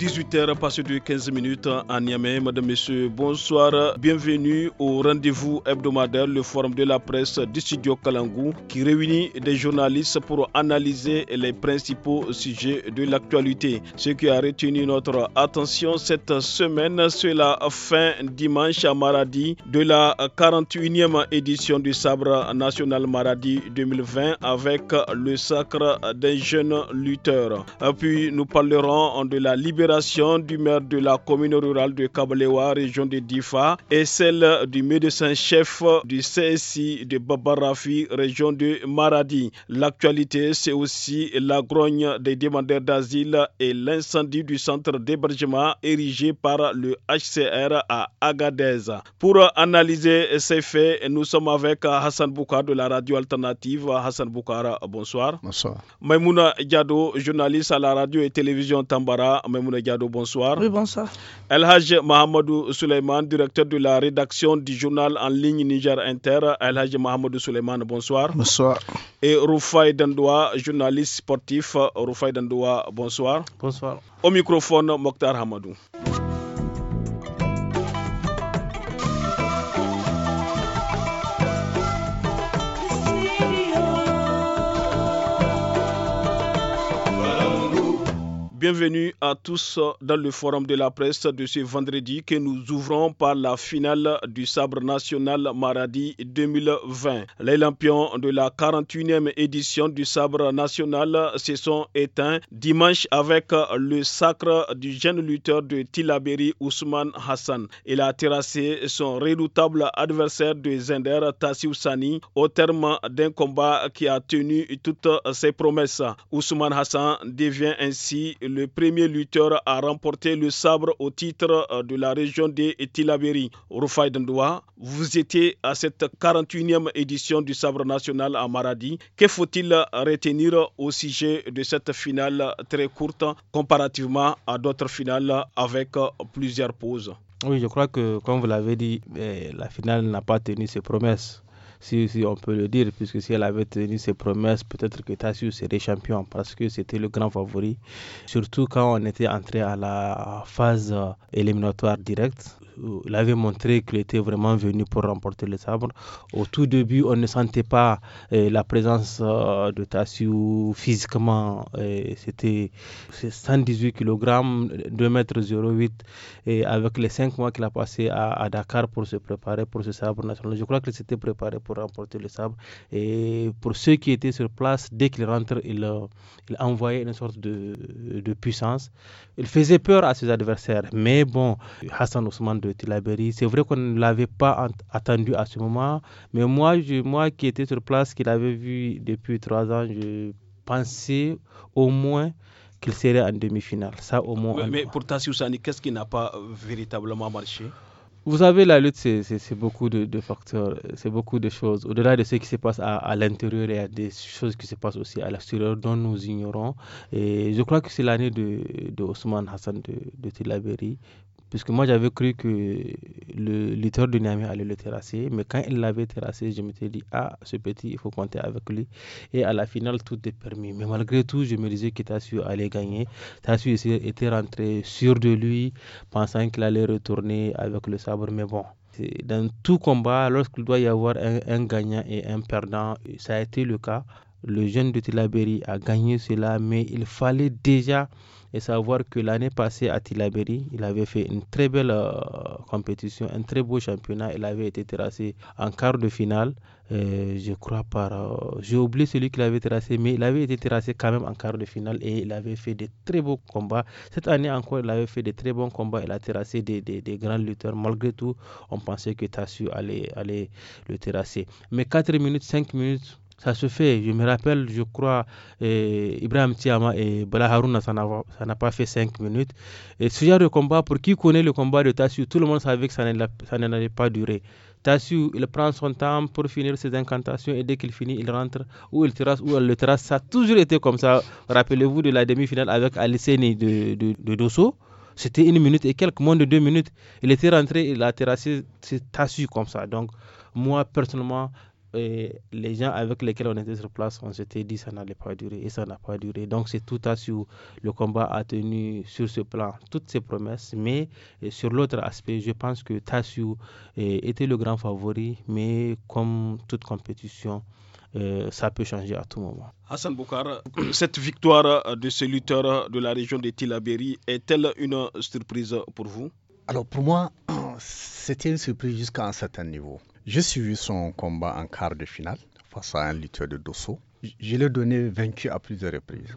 18h passé de 15 minutes à Niamey. Madame, Messieurs, bonsoir. Bienvenue au rendez-vous hebdomadaire, le forum de la presse du studio Kalangou, qui réunit des journalistes pour analyser les principaux sujets de l'actualité. Ce qui a retenu notre attention cette semaine, c'est la fin dimanche à Maradi de la 41e édition du Sabre National Maradi 2020 avec le sacre d'un jeune lutteur. Puis nous parlerons de la libération du maire de la commune rurale de Kabalewa, région de Difa, et celle du médecin-chef du CSI de Babarrafi, région de Maradi. L'actualité, c'est aussi la grogne des demandeurs d'asile et l'incendie du centre d'hébergement érigé par le HCR à Agadez. Pour analyser ces faits, nous sommes avec Hassan Boukar de la radio alternative. Hassan Boukar, bonsoir. Bonsoir. Maimouna Diado, journaliste à la radio et télévision Tambara. Maimouna bonsoir. Oui, bonsoir. El Haj Mohamedou Suleiman, directeur de la rédaction du journal en ligne Niger Inter. El Haj Mohamedou Suleiman, bonsoir. Bonsoir. Et Rufai Dandoua, journaliste sportif. Rufai Dandoua, bonsoir. Bonsoir. Au microphone, Mokhtar Hamadou. Bienvenue à tous dans le forum de la presse de ce vendredi que nous ouvrons par la finale du sabre national Maradi 2020. Les lampions de la 41e édition du sabre national se sont éteints dimanche avec le sacre du jeune lutteur de Tilaberi Ousmane Hassan. Il a terrassé son redoutable adversaire de Zender Tassiou Sani au terme d'un combat qui a tenu toutes ses promesses. Ousmane Hassan devient ainsi le premier lutteur à remporter le sabre au titre euh, de la région des Tilaberi. Rufai Dendoua. vous étiez à cette 41e édition du sabre national à Maradi. Que faut-il retenir au sujet de cette finale très courte comparativement à d'autres finales avec euh, plusieurs pauses oui, je crois que, comme vous l'avez dit, eh, la finale n'a pas tenu ses promesses si, on peut le dire, puisque si elle avait tenu ses promesses, peut-être que Tassu serait champion parce que c'était le grand favori. Surtout quand on était entré à la phase euh, éliminatoire directe il euh, avait montré qu'il était vraiment venu pour remporter le sabre. Au tout début, on ne sentait pas euh, la présence euh, de Tassiou physiquement. C'était 118 kg, 2 m. 08, et avec les 5 mois qu'il a passé à, Dakar pour se préparer pour ce sabre national. Je crois qu'il s'était préparé pour remporter le sabre. Et pour ceux qui étaient sur place, dès qu'il rentre, il, il envoyait une sorte de, de puissance. Il faisait peur à ses adversaires. Mais bon, Hassan Ousmane de de C'est vrai qu'on ne l'avait pas attendu à ce moment, mais moi, moi qui étais sur place, qui l'avais vu depuis trois ans, je pensais au moins qu'il serait en demi-finale. Ça, au moins. Mais, pourtant, pour qu'est-ce qui n'a pas véritablement marché vous savez, la lutte, c'est beaucoup de, facteurs, c'est beaucoup de choses. Au-delà de ce qui se passe à, l'intérieur, il y a des choses qui se passent aussi à l'extérieur dont nous ignorons. Et je crois que c'est l'année de, de, Ousmane Hassan de, de Puisque moi, j'avais cru que le lutteur de Niamey allait le terrasser. Mais quand il l'avait terrassé, je m'étais dit, ah, ce petit, il faut compter avec lui. Et à la finale, tout est permis. Mais malgré tout, je me disais que Tassu allait gagner. Tassu était rentré sûr de lui, pensant qu'il allait retourner avec le sabre. Mais bon, dans tout combat, lorsqu'il doit y avoir un, gagnant et un perdant, ça a été le cas. Le jeune de Tilaberi a gagné cela, mais il fallait déjà et savoir que l'année passée à Tilaberi, il avait fait une très belle euh, compétition, un très beau championnat. Il avait été terrassé en quart de finale, euh, je crois par... Euh, j'ai oublié celui qui l'avait terrassé, mais il avait été terrassé quand même en quart de finale et il avait fait de très beaux combats. Cette année encore, il avait fait de très bons combats. Il a terrassé des, des, grands lutteurs. Malgré tout, on pensait que Tassu allait, allait le terrasser. Mais 4 minutes, 5 minutes ça se fait. Je me rappelle, je crois, euh, Ibrahim Tiama et Bala ça n'a pas fait 5 minutes. Et ce genre de combat, pour qui connaît le combat de Tassu, tout le monde savait que ça n'allait pas durer. Tassu, il prend son temps pour finir ses incantations et dès qu'il finit, il rentre ou il terrasse ou elle le terrasse. Ça a toujours été comme ça. Rappelez-vous de la demi-finale avec Aliceni de, de, Dosso c'était une minute et quelques, moins de deux minutes. Il était rentré, il a terrassé, tassu comme ça. Donc, moi, personnellement, et les gens avec lesquels on était sur place, on s'était dit ça n'allait pas durer et ça n'a pas duré. Donc c'est tout à sur le combat a tenu sur ce plan toutes ses promesses, mais sur l'autre aspect, je pense que Tassou eh, était le grand favori, mais comme toute compétition, eh, ça peut changer à tout moment. Hassan Boukar, cette victoire de ce lutteur de la région de Tilaberi est-elle une surprise pour vous Alors pour moi, c'était une surprise jusqu'à un certain niveau. J'ai suivi son combat en quart de finale face à un lutteur de Dosso. Je l'ai donné vaincu à plusieurs reprises.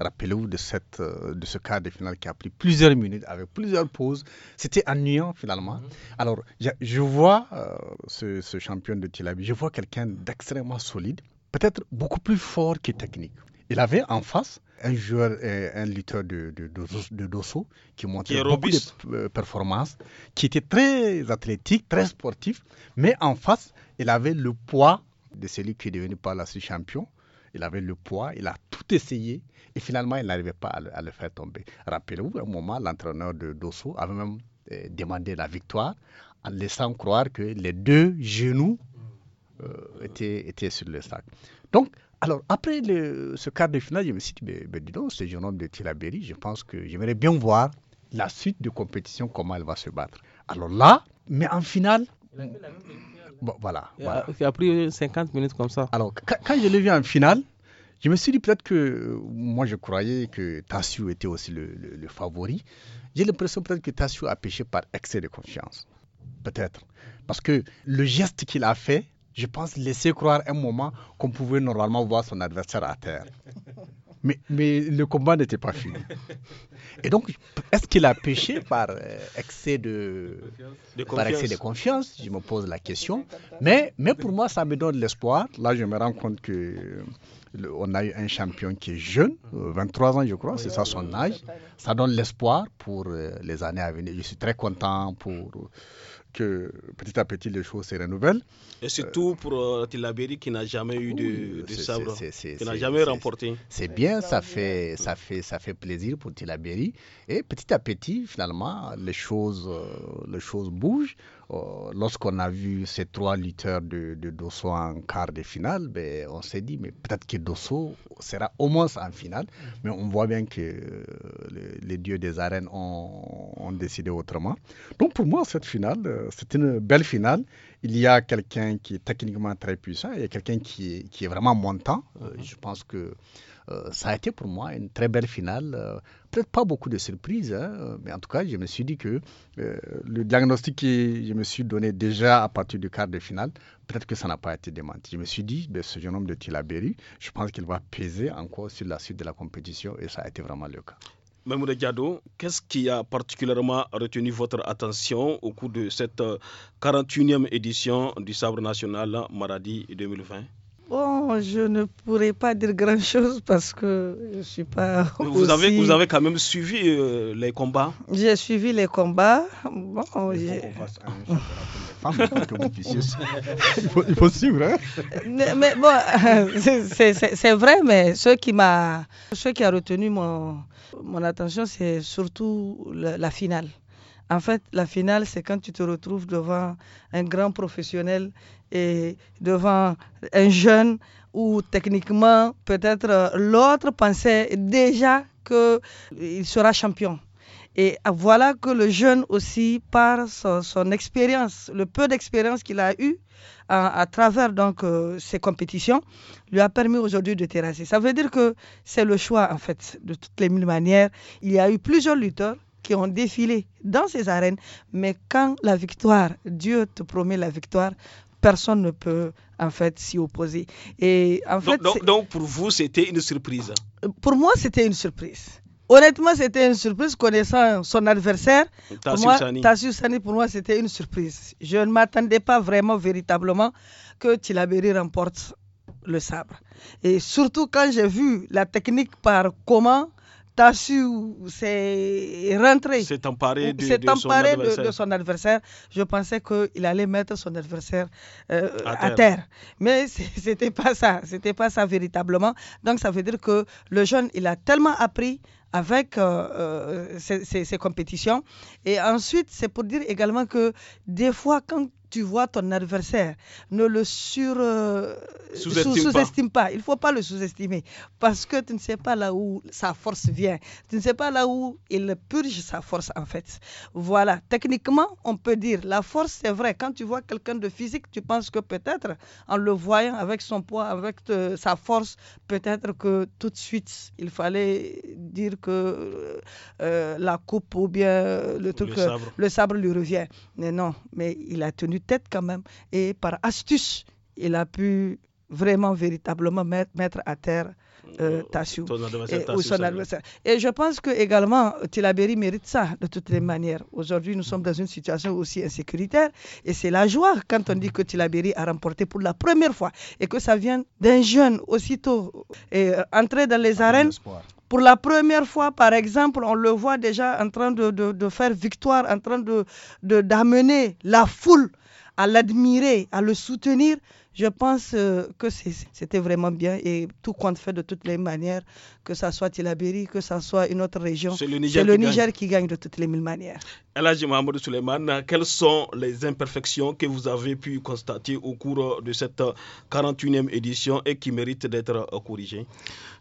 Rappelez-vous de, cette, euh, de ce quart de finale qui a pris plusieurs minutes avec plusieurs pauses. C'était ennuyant finalement. Mhm. Alors, je, vois euh, ce, ce, champion de Tilabi, je vois quelqu'un d'extrêmement solide, peut-être beaucoup plus fort que technique. Il avait en face un joueur, un lutteur de, de, Dosso qui montrait beaucoup de euh, performances, qui était très athlétique, très sportif, mais en face, il avait le poids de celui qui est devenu par la suite champion. Il avait le poids, il a tout essayé et finalement, il n'arrivait pas à le, faire tomber. Rappelez-vous, à un moment, l'entraîneur de Dosso avait même euh, demandé la victoire en laissant croire que les deux genoux euh, étaient, étaient sur le sac. Donc, alors, après ce quart de finale, je me suis dit, mais, ben, ben, dis donc, ce jeune homme de Tilaberi, je pense que j'aimerais bien voir la suite de compétition, comment elle va se battre. Alors là, mais en finale. voilà. Il a, pris 50 minutes comme ça. Alors, quand, je l'ai vu en finale, je me suis dit peut-être que euh, moi je croyais que Tassu était aussi le, favori. J'ai l'impression peut-être que Tassu a pêché par excès de confiance. Peut-être. Parce que le geste qu'il a fait, je pense, laisser croire un moment qu'on pouvait normalement voir son adversaire à terre. Mais, le combat n'était pas fini. Et donc, est-ce qu'il a péché par euh, excès de, par excès de confiance Je me pose la question. Mais, mais pour moi, ça me donne l'espoir. Là, je me rends compte que on a eu un champion qui est jeune, 23 euh, ans je crois, c'est ça son âge. Ça donne l'espoir pour euh, les années à venir. Je suis très content pour que petit à petit les choses se renouvellent. Et tout pour euh, qui n'a jamais eu de, de sabre, qui n'a jamais remporté. C'est bien, ça fait, ça, fait, ça fait plaisir pour Tilaberi. Et petit à petit, finalement, les choses, euh, les choses bougent. Euh, lorsqu'on a vu ces trois lutteurs de, Dosso en quart de finale, ben, on s'est dit, mais peut-être que Dosso sera au moins en finale. Mais on voit bien que euh, les, dieux des arènes ont, décidé autrement. Donc pour moi, cette finale, euh, c'est une belle finale. Il y a quelqu'un qui est techniquement très puissant, il y a quelqu'un qui est, vraiment montant. Mhm. je pense que ça a été pour moi une très belle finale peut-être pas beaucoup de surprises, hein, mais en tout cas, je me suis dit que euh, le diagnostic que je me suis donné déjà à partir du quart de finale, peut-être que ça n'a pas été démenti. Je me suis dit, ben, ce jeune homme de Tilaberi, je pense qu'il va peser encore sur la suite de la compétition, et ça a été vraiment le cas. Mamoudé Diado, qu'est-ce qui a particulièrement retenu votre attention au cours de cette 41e euh, édition du Sabre national Maradi 2020 Bon, je ne pourrais pas dire grand-chose parce que je ne suis pas. Vous, avez, vous avez quand même suivi euh, les combats J'ai suivi les combats. Bon, il faut suivre, hein mais, bon, c'est vrai, mais ce qui m'a, ce qui a retenu mon, mon attention, c'est surtout la finale. En fait, la finale, c'est quand tu te retrouves devant un grand professionnel et devant un jeune où techniquement peut-être l'autre pensait déjà qu'il sera champion. Et voilà que le jeune aussi, par son, expérience, le peu d'expérience qu'il a eu à, travers donc ces euh, compétitions, lui a permis aujourd'hui de terrasser. Ça veut dire que c'est le choix en fait, de toutes les mille manières. Il y a eu plusieurs lutteurs qui ont défilé dans ces arènes, mais quand la victoire, Dieu te promet la victoire, personne ne peut en fait s'y opposer. Et en donc, pour vous, c'était une surprise. Pour moi, c'était une surprise. Honnêtement, c'était une surprise connaissant son adversaire. Tassou Sani, pour moi, c'était une surprise. Je ne m'attendais pas vraiment, véritablement, que Tilaberi remporte le sabre. Et surtout quand j'ai vu la technique par comment su c'est rentré. S'est emparé, de, son adversaire. Je pensais qu'il allait mettre son adversaire euh, à, terre. Mais c'était pas ça. C'était pas ça véritablement. Donc ça veut dire que le jeune, il a tellement appris avec ses euh, euh, compétitions. Et ensuite, c'est pour dire également que des fois, quand tu vois ton adversaire, ne le sur, euh, sous-estime, pas. Il ne faut pas le sous-estimer parce que tu ne sais pas là où sa force vient. Tu ne sais pas là où il purge sa force en fait. Voilà, techniquement, on peut dire la force, c'est vrai. Quand tu vois quelqu'un de physique, tu penses que peut-être en le voyant avec son poids, avec euh, sa force, peut-être que tout de suite, il fallait dire que euh, la coupe ou bien le truc, sabre, le sabre lui revient. Mais non, mais il a tenu tête quand même. Et par astuce, il a pu vraiment, véritablement mettre, à terre euh, euh Tassou. Et, je pense que également Tilaberi mérite ça de toutes les manières. Aujourd'hui, nous sommes dans une situation aussi insécuritaire et c'est la joie quand on dit que Tilaberi a remporté pour la première fois et que ça vient d'un jeune aussitôt et, euh, entré dans les arènes. Pour la première fois, par exemple, on le voit déjà en train de, faire victoire, en train de, d'amener la foule à l'admirer, à le soutenir, je pense euh, que c'était vraiment bien et tout compte fait de toutes les manières, que ça soit Tilaberi, que ça soit une autre région. C'est le Niger, qui, gagne. de toutes les mille manières. Elhaji de Suleiman, quelles sont les imperfections que vous avez pu constater au cours de cette 41e édition et qui méritent d'être corrigées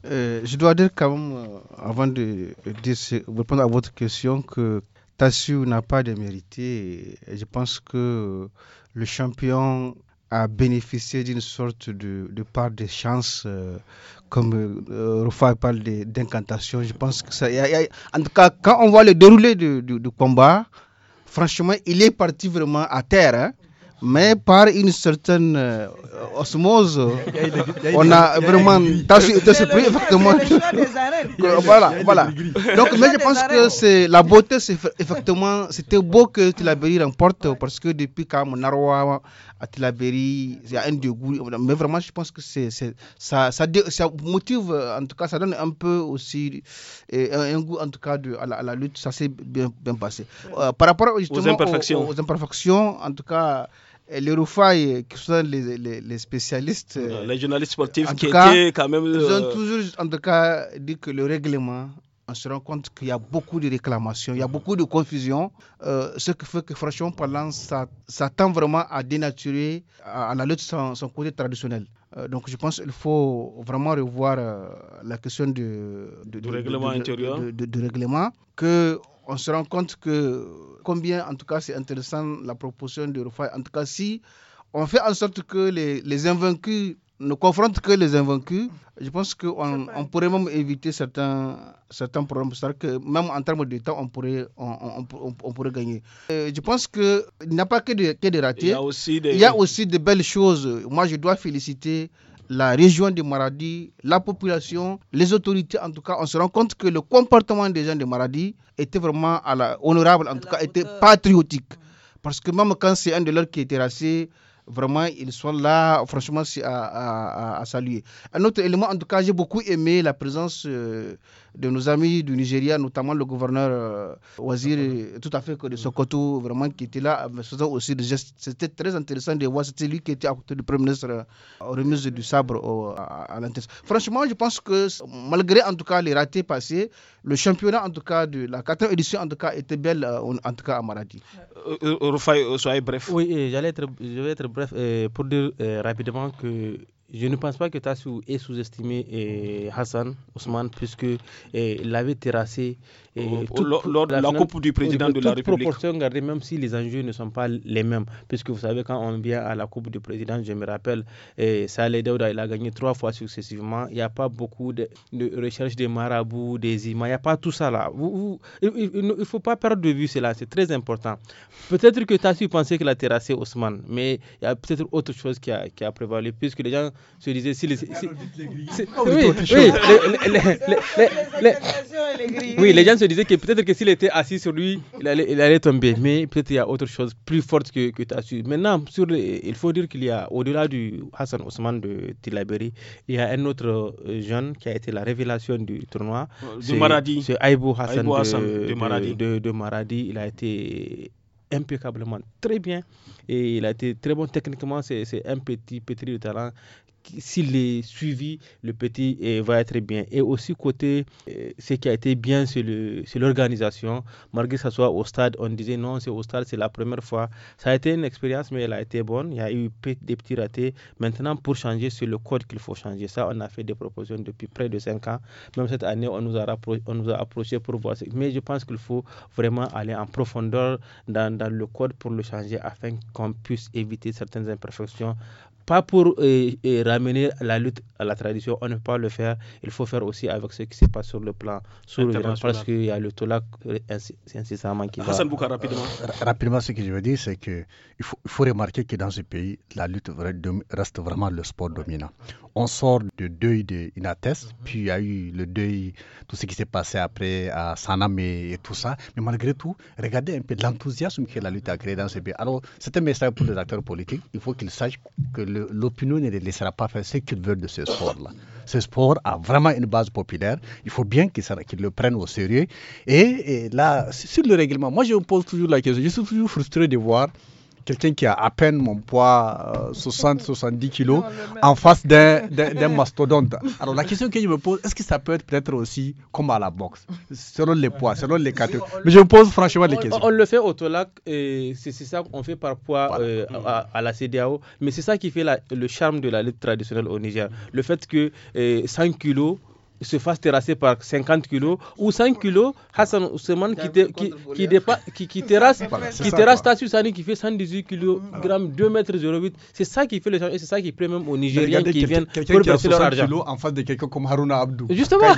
euh, Je dois dire quand même, euh, avant de, de répondre à votre question, que Tassu n'a pas de mérité. Je pense que le champion a bénéficié d'une sorte de, part de chance, euh, comme euh, Rufa parle d'incantation. Je pense que ça. en tout cas, quand on voit le déroulé du, combat, franchement, il est parti vraiment à terre. Hein mais par une certaine euh, osmose, on a vraiment. T'as surpris, effectivement. voilà, voilà. Donc, mais je pense que c'est la beauté, c'est effectivement, c'était beau que Tilaberi remporte parce que depuis quand Narwa à Tilaberi, il y a un dégoût. Mais vraiment, je pense que c'est, ça, motive, en tout cas, ça donne un peu aussi un, goût, en tout cas, de, à, la, lutte. Ça s'est bien, passé. Euh, par rapport aux imperfections. aux imperfections, en tout cas. Eh, les Roufailles, eh, qui sont les, les, spécialistes. Eh, les journalistes sportifs qui étaient quand même. Ils ont euh, toujours, en tout cas, dit que le règlement, on se rend compte qu'il y a beaucoup de réclamations, il y a beaucoup de confusion, euh, ce qui fait que, franchement parlant, ça, tend vraiment à dénaturer, à, à la son, côté traditionnel. Euh, donc, je pense qu'il faut vraiment revoir la question du règlement intérieur. De, règlement, que on se rend compte que combien, en tout cas, c'est intéressant la proposition de refaire En tout cas, si on fait en sorte que les, les invaincus ne confrontent que les invaincus, je pense qu'on on pourrait même éviter certains, certains problèmes. C'est-à-dire que même en termes de temps, on pourrait, on, on, pourrait gagner. Euh, je pense qu'il n'y a pas que des, que de ratés. Il y, a aussi des... Il y a aussi de belles choses. Moi, je dois féliciter la région de Maradi, la population, les autorités, en tout cas, on se rend compte que le comportement des gens de Maradi était vraiment à honorable, en tout cas, était patriotique. Mm. Parce que même quand c'est un de leurs qui était terrassé, vraiment, ils sont là, franchement, à, saluer. Un autre élément, en tout cas, j'ai beaucoup aimé la présence euh, de nos amis du Nigeria, notamment le gouverneur euh, tout à fait que de mm. Sokoto, vraiment qui était là, faisant aussi des gestes. C'était très intéressant de voir, c'était lui qui était à côté du Premier ministre au euh, remise du sabre à, à Franchement, je pense que malgré en tout cas les ratés passés, le championnat en tout cas de la quatrième édition en tout cas était belle euh, en tout cas à Maradi. Euh, Rufai, soyez bref. Oui, j'allais je vais être bref pour dire rapidement que je ne pense pas que Tassou ait sous-estimé eh, Hassan Ousmane, puisque eh, l'avait terrassé eh, oh, lors, de la, coupe du président de la République. proportion même si les enjeux ne sont pas les mêmes, puisque vous savez, quand on vient à la coupe du président, je me rappelle, Saleh Daouda, il a gagné trois fois successivement. Il n'y a pas beaucoup de, recherche des marabouts, des imams, il n'y a pas tout ça là. Vous, il ne faut pas perdre de vue cela, c'est très important. Peut-être que Tassou pensait qu'il a terrassé Ousmane, mais il y a peut-être autre chose qui a, qui a prévalu, puisque les gens oui, les, gens se disaient que peut-être que s'il était assis sur lui, il allait, tomber. Mais peut-être il y a autre chose plus forte que, que tu Maintenant, sur il faut dire qu'il y a, au-delà du Hassan Ousmane de Tilaberi, il y a un autre euh, jeune qui a été la révélation du tournoi. Euh, de C'est Aibou Hassan, de, de Maradi. Il a été impeccablement très bien et il a été très bon techniquement. C'est un petit pétri de talent s'il est suivi, le petit eh, va être bien. Et aussi, côté eh, ce qui a été bien, c'est l'organisation. Malgré que soit au stade, on disait non, c'est au stade, c'est la première fois. Ça a été une expérience, mais elle a été bonne. Il y a eu des petits ratés. Maintenant, pour changer, c'est le code qu'il faut changer. Ça, on a fait des propositions depuis près de 5 ans. Même cette année, on nous a, on nous a approché pour voir. Mais je pense qu'il faut vraiment aller en profondeur dans, dans le code pour le changer afin qu'on puisse éviter certaines imperfections pas pour euh, euh, ramener la lutte à la tradition, on ne peut pas le faire. Il faut faire aussi avec ce qui se passe sur le plan sur le parce qu'il y a le tout euh, incessamment qui va, rapidement. rapidement, ce que je veux dire, c'est qu'il faut, il faut remarquer que dans ce pays, la lutte reste vraiment le sport dominant. On sort du deuil de Inates, mhm. puis il y a eu le deuil, tout ce qui s'est passé après à Sanam et, tout ça. Mais malgré tout, regardez un peu l'enthousiasme que la lutte a créé dans ce pays. Alors, c'est un message pour les acteurs politiques. Il faut qu'ils sachent que l'opinion ne les laissera pas faire ce qu'ils veulent de ce sport-là. Ce sport a vraiment une base populaire. Il faut bien qu'ils le prennent au sérieux. Et, et là, sur le règlement, moi, je me pose toujours la question. Je suis toujours frustré de voir quelqu'un qui a à peine mon poids, 60-70 euh, kilos, en face d'un mastodonte. Alors la question que je me pose, est-ce que ça peut être peut-être aussi comme à la boxe, selon les poids, selon les catégories Mais je vous pose franchement les questions. On, le fait au Tolac, c'est ça qu'on fait par poids euh, à, la CDAO, mais c'est ça qui fait le charme de la lutte traditionnelle au Niger. Le fait que 5 euh, kilos se fasse terrasser par 50 kilos ou 5 kilos, Hassan Ousmane qui, qui, terrasse, qui terrasse Sani qui fait 118 kg, 2 mètres 08. C'est ça qui fait le changement et c'est ça qui plaît même aux Nigériens qui viennent pour verser leur argent. en face de quelqu'un comme Haruna Abdou. Justement.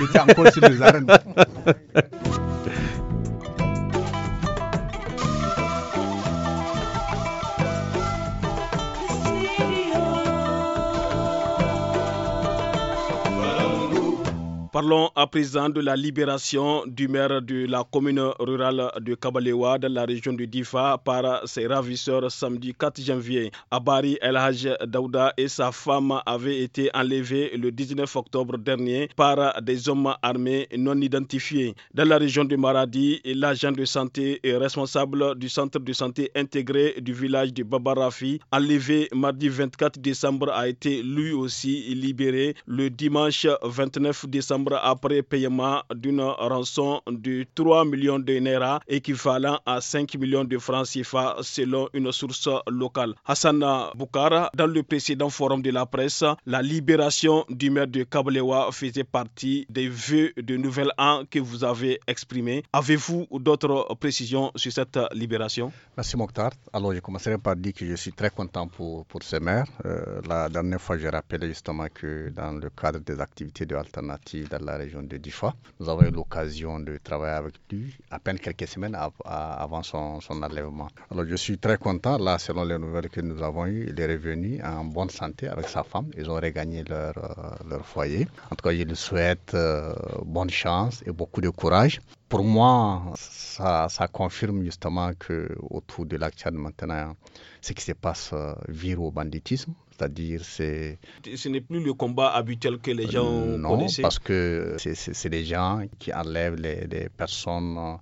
Parlons à présent de la libération du maire de la commune rurale de Kabalewa dans la région de Difa par ses ravisseurs samedi 4 janvier. Abari El Daouda et sa femme avaient été enlevés le 19 octobre dernier par des hommes armés non identifiés. Dans la région de Maradi, l'agent de santé et responsable du centre de santé intégré du village de Babarafi, enlevé mardi 24 décembre, a été lui aussi libéré le dimanche 29 décembre après paiement d'une rançon de 3 millions de naira équivalent à 5 millions de francs CFA selon une source locale. Hassan Boukara, dans le précédent forum de la presse, la libération du maire de Kablewa faisait partie des vœux de nouvel an que vous avez exprimés. Avez-vous d'autres précisions sur cette libération Merci Mokhtar. Alors je commencerai par dire que je suis très content pour, pour ce maire. Euh, la dernière fois, j'ai rappelé justement que dans le cadre des activités de l'alternative, dans la région de Difa. Nous avons eu l'occasion de travailler avec lui à peine quelques semaines avant son, enlèvement. Alors je suis très content, là, selon les nouvelles que nous avons eues, il est revenu en bonne santé avec sa femme. Ils ont regagné leur, euh, leur foyer. En tout cas, je lui souhaite euh, bonne chance et beaucoup de courage pour moi, ça, confirme justement que autour de l'action maintenant, ce qui se passe euh, vire au banditisme c'est-à-dire c'est... Ce n'est plus le combat habituel que les gens non, parce que c'est des gens qui enlèvent les, personnes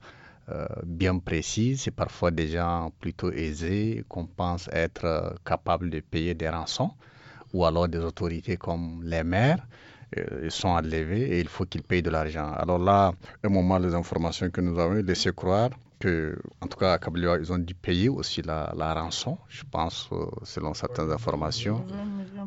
euh, bien précises, c'est parfois des gens plutôt aisés qu'on pense être euh, capables de payer des rançons, ou alors des autorités comme les maires euh, sont enlevés et il faut qu'ils payent de l'argent. Alors là, un moment, les informations que nous avons laissé croire que, en tout cas, à Kabylia, ils ont dû payer aussi la, rançon, je pense, euh, selon certaines informations.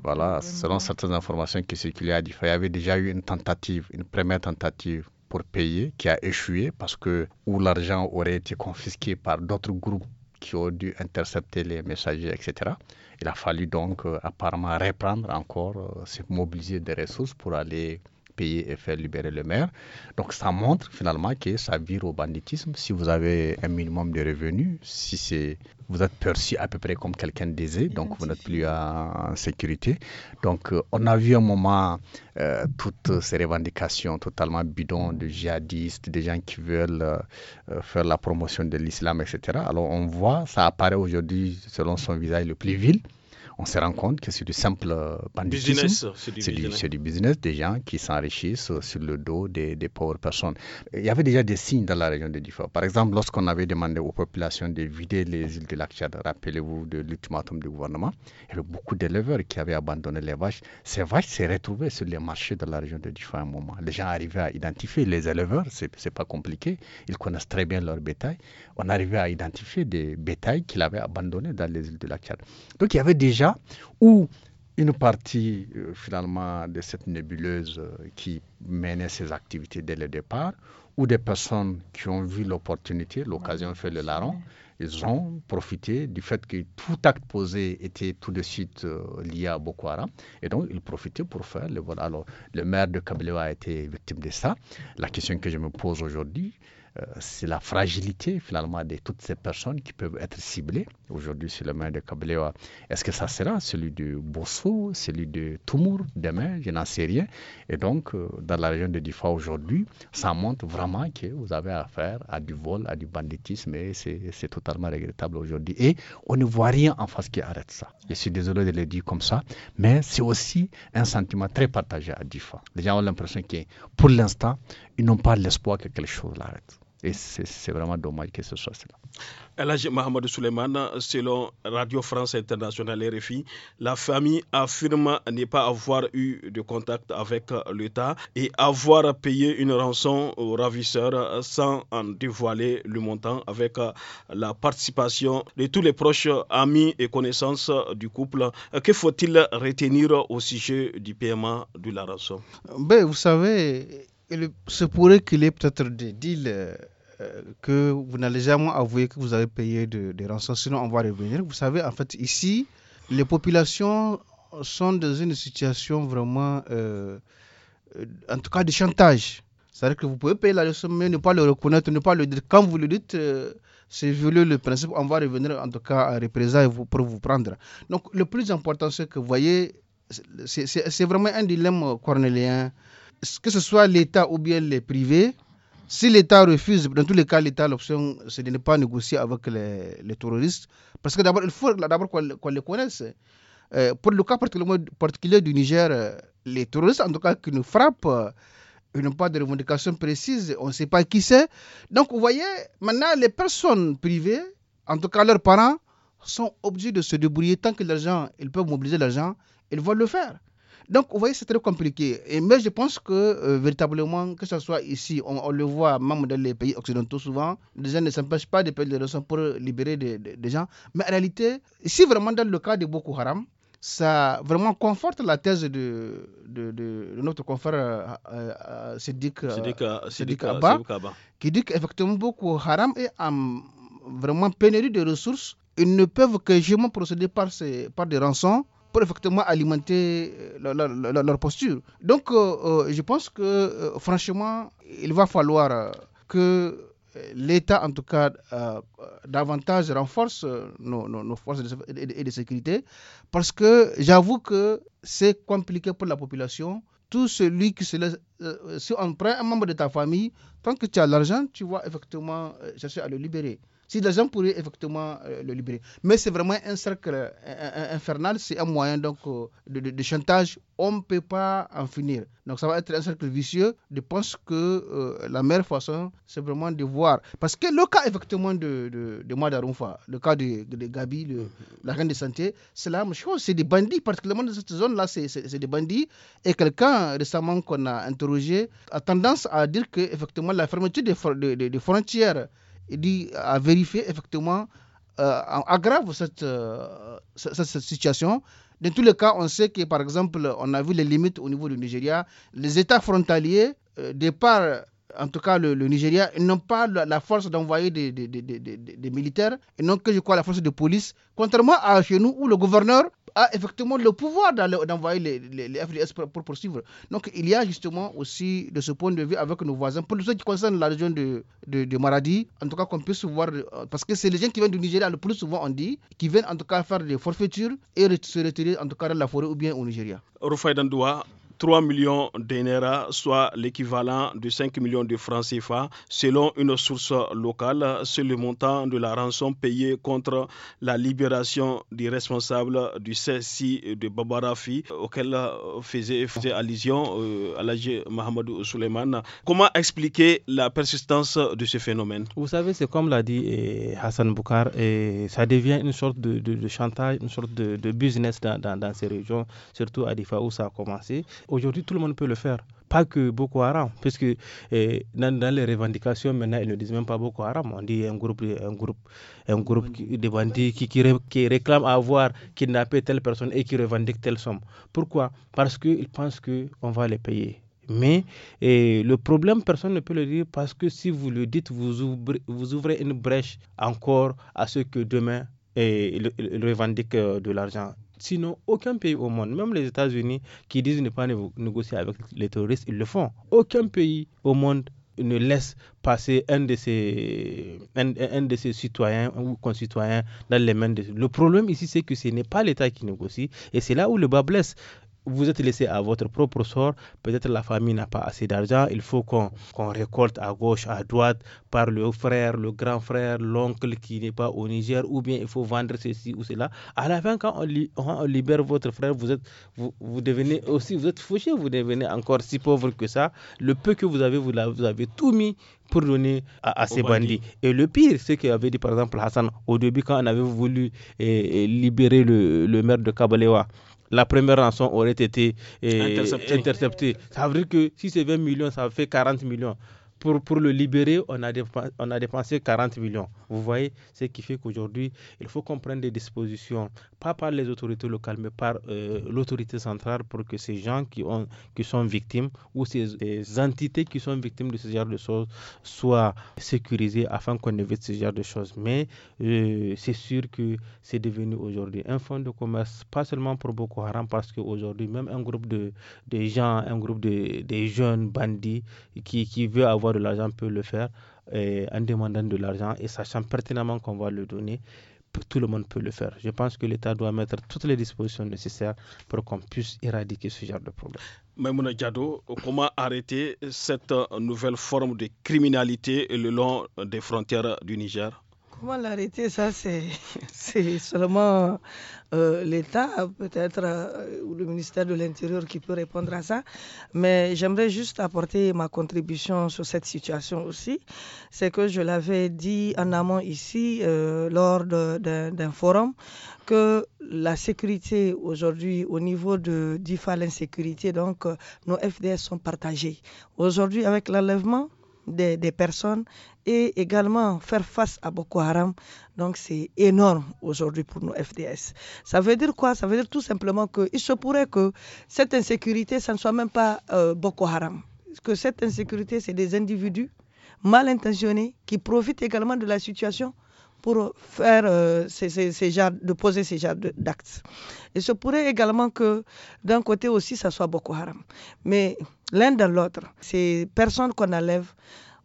Voilà, selon certaines informations qui circulaient à Difa, il y avait déjà eu une tentative, une première tentative pour payer qui a échoué parce que où l'argent aurait été confisqué par d'autres groupes qui ont dû intercepter les messagers, etc. Il a fallu donc euh, apparemment reprendre encore, euh, se mobiliser des ressources pour aller payer et faire libérer le maire. Donc ça montre finalement que ça vire au banditisme. Si vous avez un minimum de revenus, si c'est vous êtes perçu à peu près comme quelqu'un d'aisé, donc vous n'êtes plus en sécurité. Donc euh, on a vu un moment euh, toutes ces revendications totalement bidons de djihadistes, des gens qui veulent euh, faire la promotion de l'islam, etc. Alors on voit, ça apparaît aujourd'hui selon son visage le plus vil on se rend compte que c'est du simple euh, banditisme. C'est du, business des gens qui s'enrichissent euh, sur le dos des, pauvres personnes. Il y avait déjà des signes dans la région de Diffa. Par exemple, lorsqu'on avait demandé aux populations de vider les îles de l'Akchad, rappelez-vous de l'ultimatum du gouvernement, il y avait beaucoup d'éleveurs qui avaient abandonné les vaches. Ces vaches s'est retrouvées sur les marchés de la région de Diffa à un moment. Les gens arrivaient à identifier les éleveurs, c'est pas compliqué, ils connaissent très bien leur bétail. On arrivait à identifier des bétails qu'ils avaient abandonnés dans les îles de l'Akchad. Donc il y avait déjà ou une partie euh, finalement de cette nébuleuse euh, qui menait ses activités dès le départ, ou des personnes qui ont vu l'opportunité, l'occasion fait le larron, ils ont profité du fait que tout acte posé était tout de suite euh, lié à Boko Haram. Et donc, ils profitaient pour faire le vol. Alors, le maire de Kabila a été victime de ça. La question que je me pose aujourd'hui, euh, c'est la fragilité finalement de toutes ces personnes qui peuvent être ciblées aujourd'hui sur le maire de Kabléwa. Est-ce que ça sera celui de Bosso, celui de Toumour demain Je n'en sais rien. Et donc, euh, dans la région de Difa aujourd'hui, ça montre vraiment que vous avez affaire à du vol, à du banditisme et c'est totalement regrettable aujourd'hui. Et on ne voit rien en face qui arrête ça. Je suis désolé de le dire comme ça, mais c'est aussi un sentiment très partagé à Difa. Les gens ont l'impression que pour l'instant, ils n'ont pas l'espoir que quelque chose l'arrête. Et c'est vraiment dommage que ce soit cela. Mohamed Suleiman, selon Radio France Internationale RFI, la famille affirme ne pas avoir eu de contact avec l'État et avoir payé une rançon au ravisseurs sans en dévoiler le montant avec la participation de tous les proches amis et connaissances du couple. Que faut-il retenir au sujet du paiement de la rançon ben, Vous savez, il se pourrait qu'il ait peut-être des deals euh, euh, que vous n'allez jamais avouer que vous avez payé des de rançons, sinon on va revenir. Vous savez, en fait, ici, les populations sont dans une situation vraiment, euh, en tout cas, de chantage. C'est-à-dire que vous pouvez payer la leçon, mais ne pas le reconnaître, ne pas le dire. Quand vous le dites, c'est violer le principe. On va revenir, en tout cas, à représailles pour vous prendre. Donc, le plus important, c'est que vous voyez, c'est vraiment un dilemme cornélien que ce soit l'État ou bien les privés, si l'État refuse, dans tous les cas, l'État, l'option, c'est de ne pas négocier avec les, terroristes. Parce que d'abord, il faut d'abord qu'on les connaisse. Euh, pour le cas particulier du Niger, euh, les terroristes, en tout cas, qui nous frappent, euh, ils n'ont pas de revendication précise, on ne sait pas qui c'est. Donc, vous voyez, maintenant, les personnes privées, en tout cas leurs parents, sont obligés de se débrouiller tant que l'argent, ils peuvent mobiliser l'argent, ils vont le faire. Donc, vous voyez, c'est très compliqué. Et, mais je pense que, euh, véritablement, que ce soit ici, on, le voit même dans les pays occidentaux souvent, les gens ne s'empêchent pas de payer des rançons pour libérer des, gens. Mais en réalité, ici, vraiment dans le cas de Boko Haram, ça vraiment conforte la thèse de, de, notre confrère euh, euh, euh Siddiq, Abba, qui dit qu'effectivement Boko Haram est vraiment pénurie de ressources. Ils ne peuvent que justement procéder par, ces, par des rançons pour effectivement alimenter euh, leur, posture. Donc, euh, euh, je pense que, franchement, il va falloir que l'État, en tout cas, davantage renforce nos, forces de, de, de, sécurité, parce que j'avoue que c'est compliqué pour la population. Tout celui qui se laisse, si on prend un membre de ta famille, tant que tu as l'argent, tu vas effectivement chercher à le libérer. Si les gens pourraient effectivement euh, le libérer. Mais c'est vraiment un cercle infernal, c'est un moyen donc euh, de, chantage. On ne peut pas en finir. Donc ça va être un cercle vicieux. Je pense que euh, la meilleure façon, c'est vraiment de voir. Parce que le cas effectivement de, de, de le cas de, de Gabi, mm-hmm. la reine de santé, c'est la même chose. C'est des bandits, particulièrement dans cette zone-là, c'est des bandits. Et quelqu'un récemment qu'on a interrogé a tendance à dire que effectivement la fermeture des, des, des frontières dit, à vérifier effectivement, euh, aggrave euh, cette, cette, situation. Dans tous les cas, on sait que, par exemple, on a vu les limites au niveau du Nigeria. Les États frontaliers, euh, en tout cas le, Nigeria, n'ont pas la, force d'envoyer des, des, militaires, et n'ont que, je crois, la force de police, contrairement à chez nous où le gouverneur a effectivement le pouvoir d'envoyer les, FDS pour, poursuivre. Donc il y a justement aussi de ce point de vue avec nos voisins, pour ceux qui concerne la région de, de, Maradi, en tout cas qu'on puisse voir, euh, parce que c'est les gens qui viennent du Nigeria le plus souvent on dit, qui viennent en tout cas faire des forfaitures et se retirer en tout cas dans la forêt ou bien au Nigeria. Dandoua, 3 millions d'ENERA, soit l'équivalent de 5 millions de francs CFA, selon une source locale. C'est le montant de la rançon payée contre la libération des responsables du CCI de Babarafi, auquel faisait, allusion euh, Alagé Mohamed Souleymane. Comment expliquer la persistance de ce phénomène Vous savez, c'est comme l'a dit eh, Hassan Boukar, eh, ça devient une sorte de, chantage, une sorte de, business dans, dans, ces régions, surtout à Difa où ça a commencé. Aujourd'hui, tout le monde peut le faire. Pas que Boko Haram, puisque que eh, dans, les revendications, maintenant, ils ne disent même pas Boko Haram. On dit un groupe, un groupe, un groupe de bandits qui, qui, qui réclament avoir kidnappé telle personne et qui revendique telle somme. Pourquoi Parce qu'ils pensent qu'on va les payer. Mais eh, le problème, personne ne peut le dire parce que si vous le dites, vous ouvrez, une brèche encore à ce que demain eh, ils revendiquent euh, de l'argent. Sinon, aucun pays au monde, même les États-Unis qui disent ne pas négocier avec les terroristes, ils le font. Aucun pays au monde ne laisse passer un de ses, un, de citoyens ou concitoyens dans les mains de... Le problème ici, c'est que ce n'est pas l'État qui négocie et c'est là où le bas blesse vous êtes laissé à votre propre sort. Peut-être la famille n'a pas assez d'argent. Il faut qu'on récolte à gauche, à droite, par le frère, le grand frère, l'oncle qui n'est pas au Niger, ou bien il faut vendre ceci ou cela. À la fin, quand on, libère votre frère, vous êtes, vous, devenez aussi, vous êtes fauché, vous devenez encore si pauvre que ça. Le peu que vous avez, vous, avez, tout mis pour donner à, ces bandits. Et le pire, c'est qu'avait dit par exemple Hassan, au début, quand on avait voulu eh, eh, libérer le maire de Kabalewa, la première rançon aurait été eh, interceptée. Intercepté. Ça veut dire que si c'est 20 millions, ça fait 40 millions pour, pour le libérer, on a, dépensé, on a dépensé 40 millions. Vous voyez, ce qui fait qu'aujourd'hui, il faut qu'on prenne des dispositions, pas par les autorités locales, mais par euh, l'autorité centrale pour que ces gens qui, ont, qui sont victimes ou ces, entités qui sont victimes de ce genre de choses soient sécurisées afin qu'on évite ce genre de choses. Mais euh, c'est sûr que c'est devenu aujourd'hui un fonds de commerce, pas seulement pour Boko Haram, parce qu'aujourd'hui, même un groupe de, gens, un groupe de, jeunes bandits qui, qui veut avoir de l'argent peut le faire et en demandant de l'argent et sachant pertinemment qu'on va le donner. Tout le monde peut le faire. Je pense que l'État doit mettre toutes les dispositions nécessaires pour qu'on puisse éradiquer ce genre de problème. Maimouna Diado, comment arrêter cette euh, nouvelle forme de criminalité le long des frontières du Niger Comment l'arrêter Ça, c'est seulement euh, l'État, peut-être, euh, ou le ministère de l'Intérieur qui peut répondre à ça. Mais j'aimerais juste apporter ma contribution sur cette situation aussi. C'est que je l'avais dit en amont ici, euh, lors d'un forum, que la sécurité aujourd'hui, au niveau de d'IFA, l'insécurité, donc, nos FDS sont partagés. Aujourd'hui, avec l'enlèvement, des, personnes et également faire face à Boko Haram. Donc c'est énorme aujourd'hui pour nos FDS. Ça veut dire quoi Ça veut dire tout simplement qu'il se pourrait que cette insécurité, ça ne soit même pas euh, Boko Haram. Que cette insécurité, c'est des individus mal intentionnés qui profitent également de la situation pour faire euh, ces, ces, de poser ces genres d'actes. Et ce pourrait également que d'un côté aussi, ça soit beaucoup Haram. Mais l'un dans l'autre, ces personnes qu'on enlève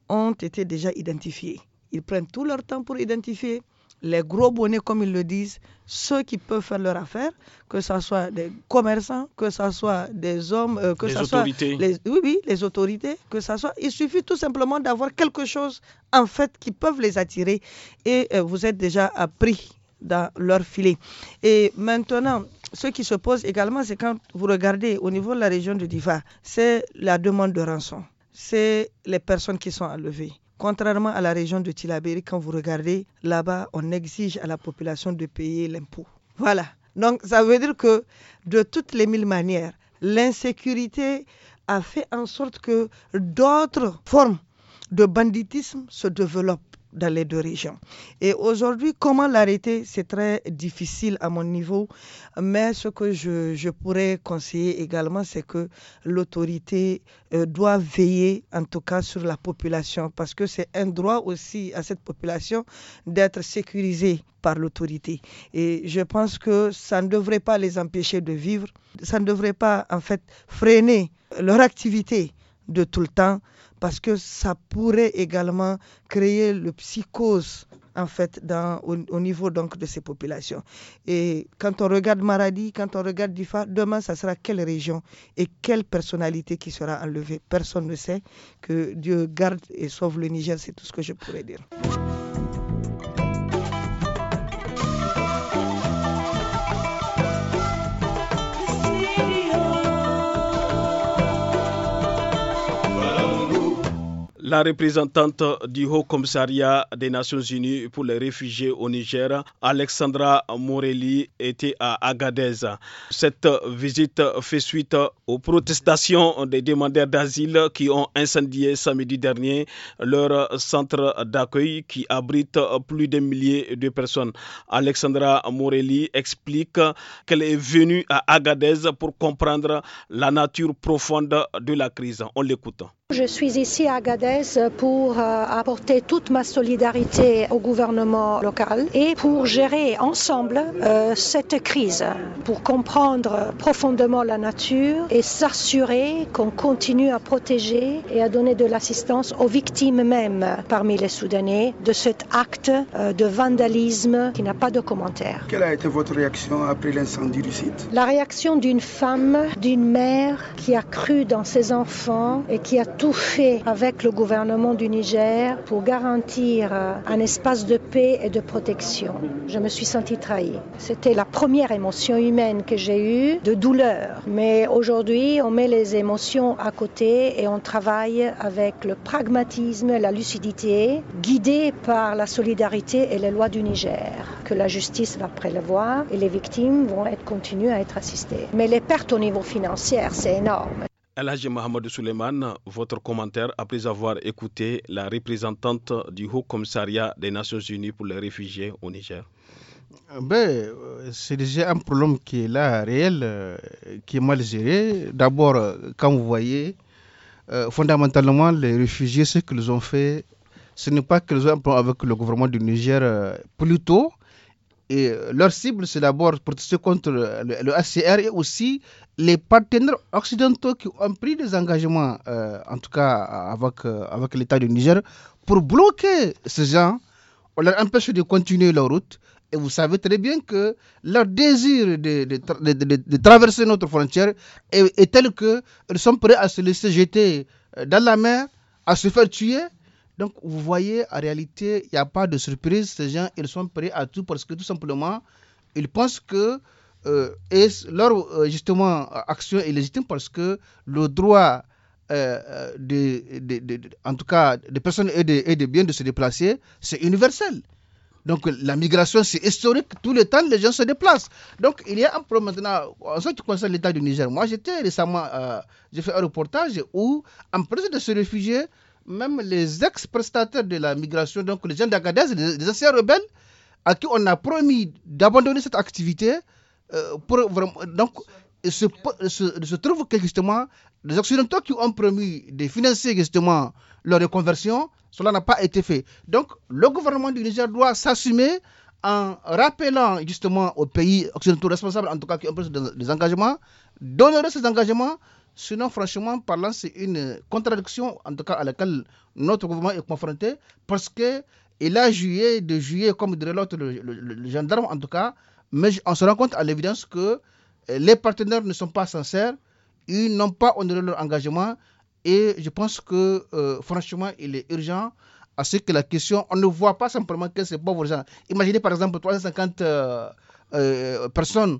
ont été déjà identifiées. Ils prennent tout leur temps pour identifier les gros bonnets, comme ils le disent, ceux qui peuvent faire leur affaire, que ce soit des commerçants, que ce soit des hommes, euh, que ce soit les, oui, oui, les autorités, que ça soit. Il suffit tout simplement d'avoir quelque chose, en fait, qui peuvent les attirer. Et euh, vous êtes déjà appris dans leur filet. Et maintenant, ce qui se pose également, c'est quand vous regardez au niveau de la région de Diva, c'est la demande de rançon. C'est les personnes qui sont enlevées. Contrairement à la région de Tilabéry, quand vous regardez là-bas, on exige à la population de payer l'impôt. Voilà. Donc ça veut dire que de toutes les mille manières, l'insécurité a fait en sorte que d'autres formes de banditisme se développent dans les deux régions. Et aujourd'hui, comment l'arrêter C'est très difficile à mon niveau, mais ce que je, pourrais conseiller également, c'est que l'autorité euh, doit veiller en tout cas sur la population, parce que c'est un droit aussi à cette population d'être sécurisée par l'autorité. Et je pense que ça ne devrait pas les empêcher de vivre, ça ne devrait pas en fait freiner leur activité de tout le temps parce que ça pourrait également créer le psychose en fait au, niveau donc de ces populations. Et quand on regarde Maradi, quand on regarde Difa, demain ça sera quelle région et quelle personnalité qui sera enlevée. Personne ne sait. Que Dieu garde et sauve le Niger, c'est tout ce que je pourrais dire. La représentante du Haut Commissariat des Nations Unies pour les réfugiés au Niger, Alexandra Morelli, était à Agadez. Cette visite fait suite aux protestations des demandeurs d'asile qui ont incendié samedi dernier leur centre d'accueil qui abrite plus de milliers de personnes. Alexandra Morelli explique qu'elle est venue à Agadez pour comprendre la nature profonde de la crise. On l'écoute. Je suis ici à Agadez pour euh, apporter toute ma solidarité au gouvernement local et pour gérer ensemble euh, cette crise, pour comprendre profondément la nature et s'assurer qu'on continue à protéger et à donner de l'assistance aux victimes même parmi les Soudanais de cet acte euh, de vandalisme qui n'a pas de commentaire. Quelle a été votre réaction après l'incendie du site La réaction d'une femme, d'une mère qui a cru dans ses enfants et qui a tout fait avec le gouvernement du Niger pour garantir euh, un espace de paix et de protection. Je me suis sentie trahie. C'était la première émotion humaine que j'ai eue de douleur. Mais aujourd'hui, on met les émotions à côté et on travaille avec le pragmatisme, la lucidité, guidé par la solidarité et les lois du Niger, que la justice va prélevoir et les victimes vont être, continuer à être assistées. Mais les pertes au niveau financier, c'est énorme. Alhaji Mohamed Souleyman, votre commentaire après avoir écouté la représentante du Haut Commissariat des Nations Unies pour les réfugiés au Niger. Euh, ben, euh, c'est déjà un problème qui est là, réel, euh, qui est mal géré. D'abord, quand vous voyez, fondamentalement, les réfugiés, ce qu'ils ont fait, ce n'est pas qu'ils ont un problème avec le gouvernement du Niger. Plutôt, et euh, leur cible, c'est d'abord protester contre le, HCR et aussi les partenaires occidentaux qui ont pris des engagements, euh, en tout cas avec, euh, avec l'État du Niger, pour bloquer ces gens. On leur empêche de continuer leur route. Et vous savez très bien que leur désir de, de, de, traverser notre frontière est, est tel qu'ils sont prêts à se laisser jeter dans la mer, à se faire tuer donc, vous voyez, en réalité, il n'y a pas de surprise. Ces gens, ils sont prêts à tout parce que tout simplement, ils pensent que euh, leur euh, justement action est légitime parce que le droit euh, de, en tout cas des personnes et des biens de se déplacer, c'est universel. Donc la migration, c'est historique. Tout le temps, les gens se déplacent. Donc il y a un problème maintenant. En ce qui concerne l'État du Niger, moi j'étais récemment, j'ai fait un reportage où, en présence de ce réfugié, même les ex-prestataires de la migration, donc les gens d'Agadez, les, anciens rebelles, à qui on a promis d'abandonner cette activité, euh, pour donc se, trouve que justement, les Occidentaux qui ont promis de financer justement leur reconversion, cela n'a pas été fait. Donc, le gouvernement du Niger doit s'assumer en rappelant justement aux pays occidentaux responsables, en tout cas qui ont pris des, engagements, donner ces engagements Sinon, franchement parlant, c'est une contradiction, en tout cas à laquelle notre gouvernement est confronté, parce que il a joué de juillet, comme dirait l'autre, le, gendarme en tout cas, mais on se rend compte à l'évidence que euh, les partenaires ne sont pas sincères, ils n'ont pas honoré leur engagement, et je pense que euh, franchement, il est urgent à ce que la question, on ne voit pas simplement que c'est pas gens. Imaginez par exemple 350 euh, personnes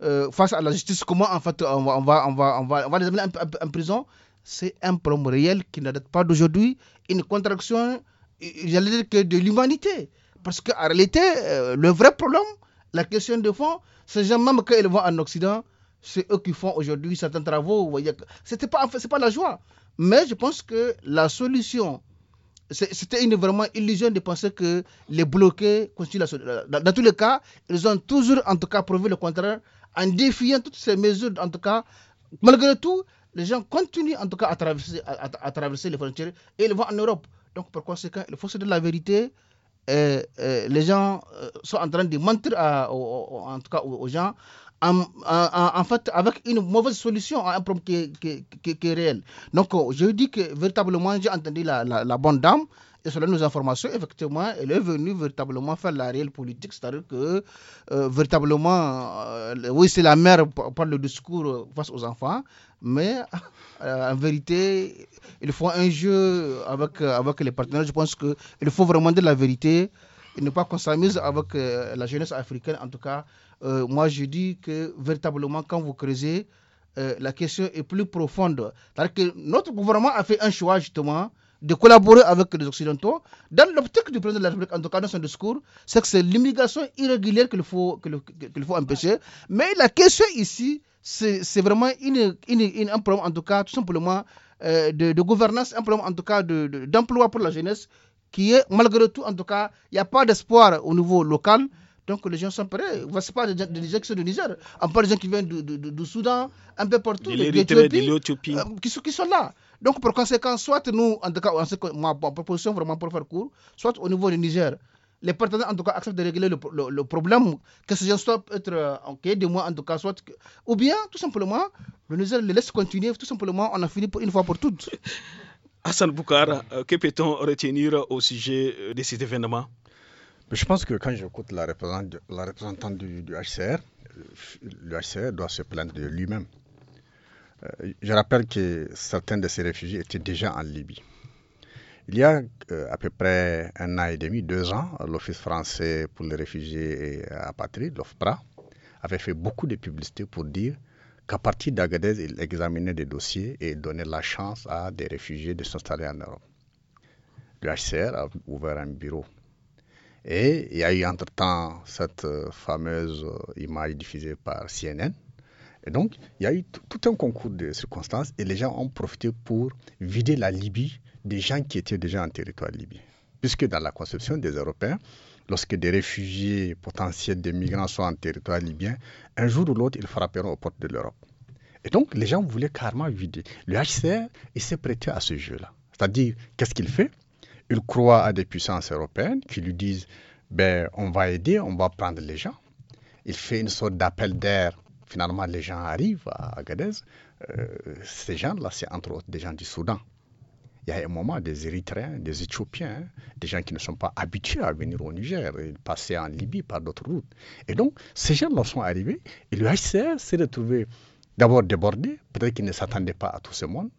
euh, face à la justice, comment en fait on va, on va, on on les amener en, prison, c'est un problème réel qui ne pas d'aujourd'hui, une contraction, euh, j'allais dire que de l'humanité. Parce qu'en réalité, euh, le vrai problème, la question de fond, c'est que même quand ils vont en Occident, c'est eux qui font aujourd'hui certains travaux. C'était pas, c'est pas la joie. Mais je pense que la solution, c'était une vraiment illusion de penser que les bloqués constituent la solution. dans, tous les cas, ils ont toujours, en tout cas, prouvé le contraire en défiant toutes ces mesures, en tout cas, malgré tout, les gens continuent en tout cas à traverser, à, traverser les frontières et ils vont en Europe. Donc, par conséquent, il faut se dire la vérité. les gens euh, sont en train de mentir en tout cas aux, gens, en, fait, avec une mauvaise solution à un problème qui, est réel. Donc, euh, je dis que véritablement, j'ai entendu la bonne dame. Et selon nos informations, effectivement, elle est venue véritablement faire la réelle politique, c'est-à-dire que euh, véritablement, euh, oui, c'est la mère parle le discours euh, face aux enfants, mais en vérité, il faut un jeu avec, avec les partenaires. Je pense qu'il faut vraiment dire la vérité et ne pas qu'on s'amuse avec la jeunesse africaine. En tout cas, moi, je dis que véritablement, quand vous creusez, la question est plus profonde. C'est-à-dire que notre gouvernement a fait un choix, justement, de collaborer avec les Occidentaux, dans l'optique du président de la République, en tout cas dans son discours, c'est que c'est l'immigration irrégulière qu'il faut, qu'il faut empêcher. Mais la question ici, c'est vraiment une, une, un problème, en tout cas, tout simplement, euh, de, gouvernance, un problème, en tout cas, d'emploi de, pour la jeunesse, qui est, malgré tout, en tout cas, il n'y a pas d'espoir au niveau local. Donc les gens sont prêts. Ce pas des gens, qui sont du Niger. On parle des gens qui viennent du, Soudan, un peu partout, de l'Éthiopie, euh, qui, qui, sont là. Donc, par conséquent, soit nous, en tout cas, ma, proposition vraiment pour faire court, soit au niveau du Niger, les partenaires en tout cas acceptent de régler le, problème, que ce genre soit être euh, ok, des moi en tout cas, soit. ou bien, tout simplement, le Niger le laisse continuer, tout simplement, on a fini pour une fois pour toutes. Hassan Boukar, euh, que peut-on retenir au sujet euh, de cet événement Je pense que quand j'écoute la représentante, la représentante du, du HCR, le HCR doit se plaindre de lui-même. Euh, je rappelle que certains de ces réfugiés étaient déjà en Libye. Il y a euh, à peu près un an et demi, deux ans, l'Office français pour les réfugiés et apatrides, l'OFPRA, avait fait beaucoup de publicité pour dire qu'à partir d'Agadez, il examinait des dossiers et donnait la chance à des réfugiés de s'installer en Europe. Le HCR a ouvert un bureau. Et il y a eu entre-temps cette euh, fameuse image diffusée par CNN, et donc, il y a eu tout un concours de circonstances et les gens ont profité pour vider la Libye des gens qui étaient déjà en territoire libyen. Puisque dans la conception des Européens, lorsque des réfugiés potentiels, des migrants sont en territoire libyen, un jour ou l'autre, ils frapperont aux portes de l'Europe. Et donc, les gens voulaient carrément vider. Le HCR, il s'est prêté à ce jeu-là. C'est-à-dire, qu'est-ce qu'il fait Il croit à des puissances européennes qui lui disent ben, on va aider, on va prendre les gens. Il fait une sorte d'appel d'air finalement, les gens arrivent à Agadez. Euh, ces gens-là, c'est entre autres des gens du Soudan. Il y a un moment des Érythréens, des Éthiopiens, hein, des gens qui ne sont pas habitués à venir au Niger, ils passer en Libye par d'autres routes. Et donc, ces gens-là sont arrivés et le HCR s'est retrouvé d'abord débordé, peut-être qu'il ne s'attendait pas à tout ce monde.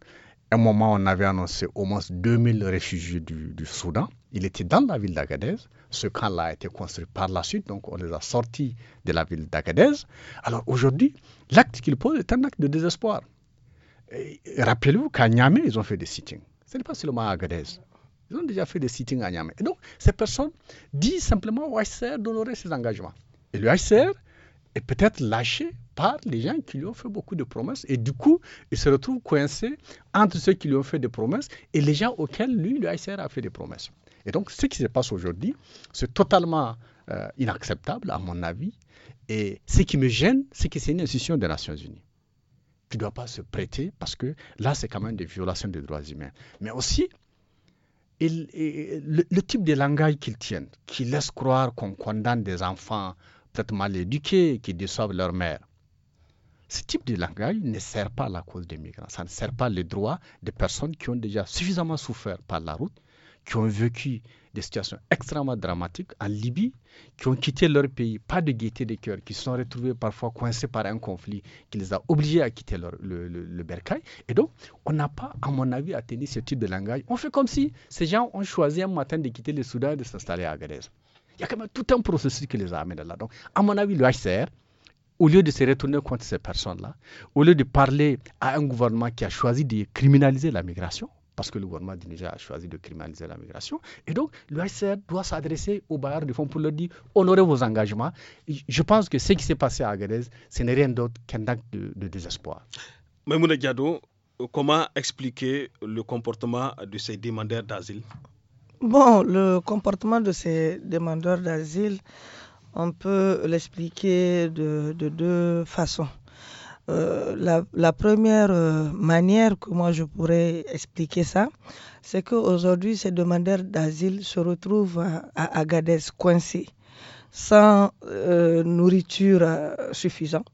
un moment, on avait annoncé au moins 2000 réfugiés du Soudan. Il était dans la ville d'Agadez. Ce camp-là a été construit par la suite, donc on les a sortis de la ville d'Agadez. Alors aujourd'hui, l'acte qu'ils posent est un acte de désespoir. Rappelez-vous qu'à Niamey, ils ont fait des sittings. Ce n'est pas seulement à Agadez. Ils ont déjà fait des sittings à Niamey. Et donc, ces personnes disent simplement au HCR d'honorer ses engagements. Et le HCR est peut-être lâché par les gens qui lui ont fait beaucoup de promesses. Et du coup, il se retrouve coincé entre ceux qui lui ont fait des promesses et les gens auxquels lui, le HCR, a fait des promesses. Et donc, ce qui se passe aujourd'hui, c'est totalement euh, inacceptable, à mon avis. Et ce qui me gêne, c'est que c'est une institution des Nations Unies Tu ne dois pas se prêter parce que là, c'est quand même des violations des droits humains. Mais aussi, le, type de langage qu'ils tiennent, qui laisse croire qu'on condamne des enfants peut-être mal éduqués, qui déçoivent leur mère. Ce type de langage ne sert pas à la cause des migrants, ça ne sert pas les droits des personnes qui ont déjà suffisamment souffert par la route qui ont vécu des situations extrêmement dramatiques en Libye, qui ont quitté leur pays, pas de gaieté de cœur, qui se sont retrouvés parfois coincés par un conflit qui les a obligés à quitter le, le, Et donc, on n'a pas, à mon avis, atteint ce type de langage. On fait comme si ces gens ont choisi un matin de quitter le Soudan et de s'installer à grèce Il y a quand même tout un processus qui les a amenés là. Donc, à mon avis, le HCR, au lieu de se retourner contre ces personnes-là, au lieu de parler à un gouvernement qui a choisi de criminaliser la migration, parce que le gouvernement Niger a choisi de criminaliser la migration. Et donc, l'UICR doit s'adresser aux bailleurs de fond pour leur dire honorez vos engagements. Je pense que ce qui s'est passé à Agadez, ce n'est rien d'autre qu'un acte de, désespoir. Mais Diado, comment expliquer le comportement de ces demandeurs d'asile Bon, le comportement de ces demandeurs d'asile, on peut l'expliquer de deux façons. Euh, la, première euh, manière que moi je pourrais expliquer ça, c'est qu'aujourd'hui, ces demandeurs d'asile se retrouvent à, Agadez coincés, sans euh, nourriture suffisante,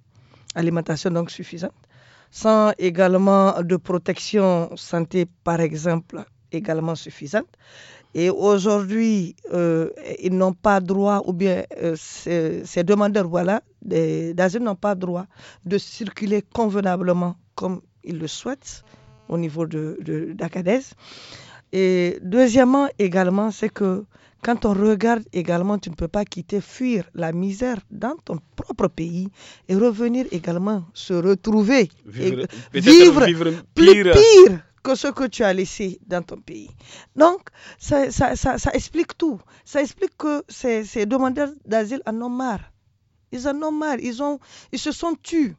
alimentation donc suffisante, sans également de protection santé, par exemple, également suffisante, et aujourd'hui, euh, ils n'ont pas droit, ou bien euh, ces, demandeurs voilà, d'asile n'ont pas droit de circuler convenablement comme ils le souhaitent au niveau d'Acadès. De, Et deuxièmement, également, c'est que quand on regarde également, tu ne peux pas quitter, fuir la misère dans ton propre pays et revenir également se retrouver, vivre, pire que ce que tu as laissé dans ton pays. Donc, ça, explique tout. Ça explique que ces, demandeurs d'asile en ont marre. Ils en ont marre. Ils, ont, ils se sont tués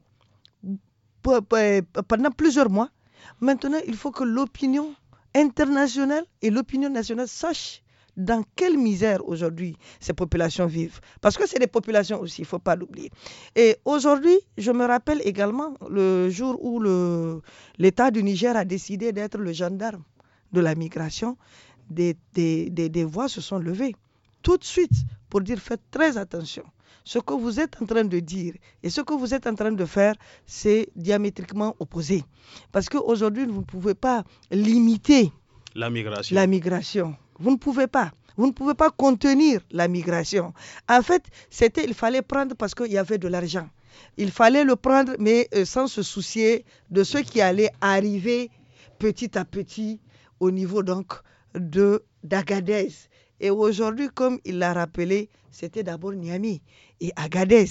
pendant plusieurs mois. Maintenant, il faut que l'opinion internationale et l'opinion nationale sachent dans quelle misère aujourd'hui ces populations vivent. Parce que c'est des populations aussi, il ne faut pas l'oublier. Et aujourd'hui, je me rappelle également le jour où l'État du Niger a décidé d'être le gendarme de la migration, des, des, voix se sont levées tout de suite pour dire faites très attention. Ce que vous êtes en train de dire et ce que vous êtes en train de faire, c'est diamétriquement opposé. Parce qu'aujourd'hui, vous ne pouvez pas limiter la migration. La migration. Vous ne pouvez pas. Vous ne pouvez pas contenir la migration. En fait, c'était, il fallait prendre parce qu'il y avait de l'argent. Il fallait le prendre, mais euh, sans se soucier de ce qui allait arriver petit à petit au niveau donc de d'Agadez. Et aujourd'hui, comme il l'a rappelé, c'était d'abord Niami et Agadez.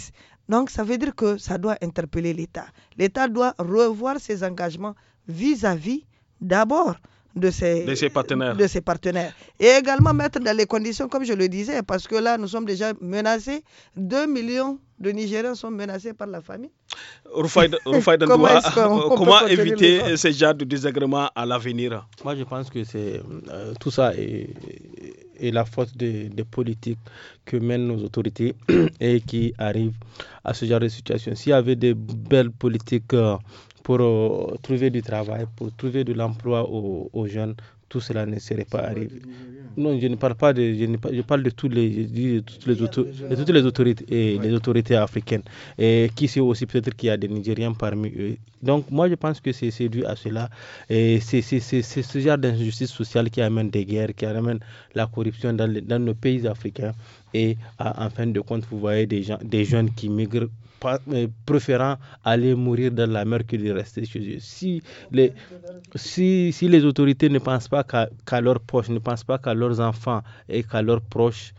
Donc, ça veut dire que ça doit interpeller l'État. L'État doit revoir ses engagements vis-à-vis d'abord de ses, partenaires. de ses partenaires. Et également mettre dans les conditions, comme je le disais, parce que là, nous sommes déjà menacés. 2 millions de Nigériens sont menacés par la famine. comment, éviter ce genre de désagrément à l'avenir Moi, je pense que c'est euh, tout ça est, la faute des politiques que mènent nos autorités et qui arrivent à ce genre de situation. S'il y avait des belles politiques euh, pour euh, trouver du travail, pour trouver de l'emploi aux, jeunes, tout cela ne serait pas arrivé. Non, je ne parle pas de, je, ne, parle de tous les, toutes les, toutes les autorités, et les autorités africaines, et qui sait aussi peut-être qu'il y a des Nigériens parmi eux. Donc moi je pense que c'est dû à cela, et c'est ce genre d'injustice sociale qui amène des guerres, qui amène la corruption dans, nos pays africains, et à, en fin de compte vous voyez des des jeunes qui migrent préférant aller mourir dans la mer que de rester chez eux. Si les, si, les autorités ne pensent pas qu'à leurs proches, ne pensent pas qu'à leurs enfants et qu'à leurs proches,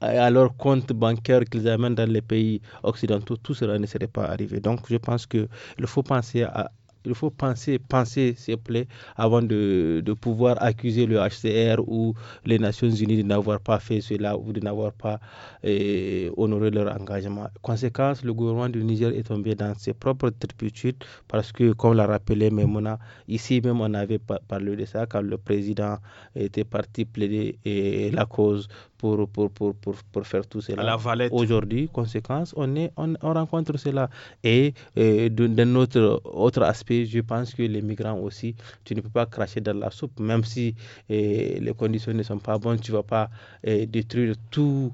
à leurs comptes bancaires qu'ils amènent dans les pays occidentaux, tout cela ne serait pas arrivé. Donc je pense qu'il faut penser à, il faut penser, penser, s'il vous plaît, avant de, pouvoir accuser le HCR ou les Nations Unies de n'avoir pas fait cela ou de n'avoir pas eh, honoré leur engagement. Conséquence, le gouvernement du Niger est tombé dans ses propres turpitudes parce que, comme l'a rappelé Memona, ici même on avait parlé de ça quand le président était parti plaider et eh, la cause pour, pour, pour, pour, pour faire tout cela. Aujourd'hui, conséquence, on, est, on, rencontre cela. Et, d'un autre, autre aspect, je pense que les migrants aussi, tu ne peux pas cracher dans la soupe, même si les conditions ne sont pas bonnes, tu ne vas pas détruire tout,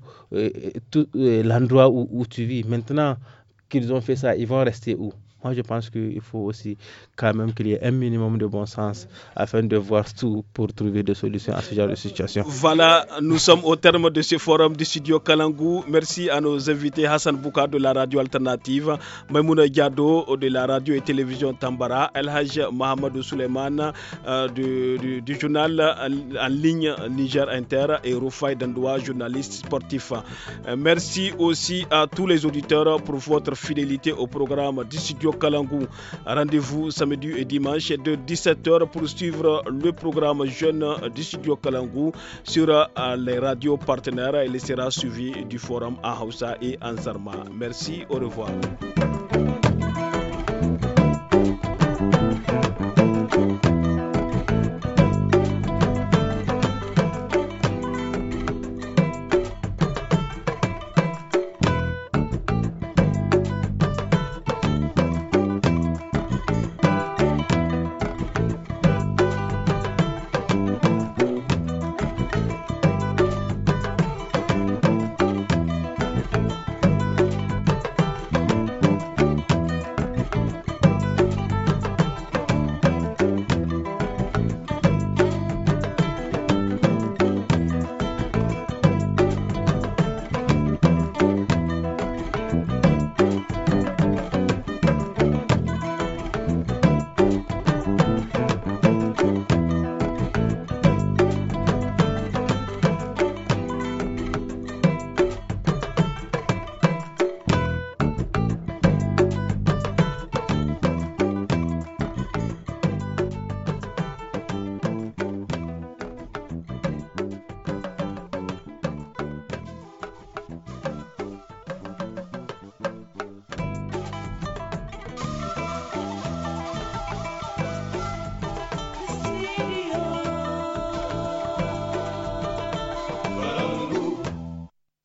tout l'endroit où tu vis. Maintenant qu'ils ont fait ça, ils vont rester où moi, je pense qu'il faut aussi quand même qu'il y ait un minimum de bon sens afin de voir tout pour trouver des solutions à ce genre de situation. Voilà, nous sommes au terme de ce forum du studio Kalangou. Merci à nos invités Hassan Bouka de la radio alternative, Maimouna Diado de la radio et télévision Tambara, El Mohamedou Suleyman euh, du, journal euh, en, ligne Niger Inter et Rufai Dandoua, journaliste sportif. Euh, merci aussi à tous les auditeurs pour votre fidélité au programme du studio Kalangu. Kalangou. Rendez-vous samedi et dimanche de 17h pour suivre le programme Jeune du studio Kalangu sur euh, les radios partenaires. et Il sera suivi du forum à Hausa et Ansarma Merci, au revoir.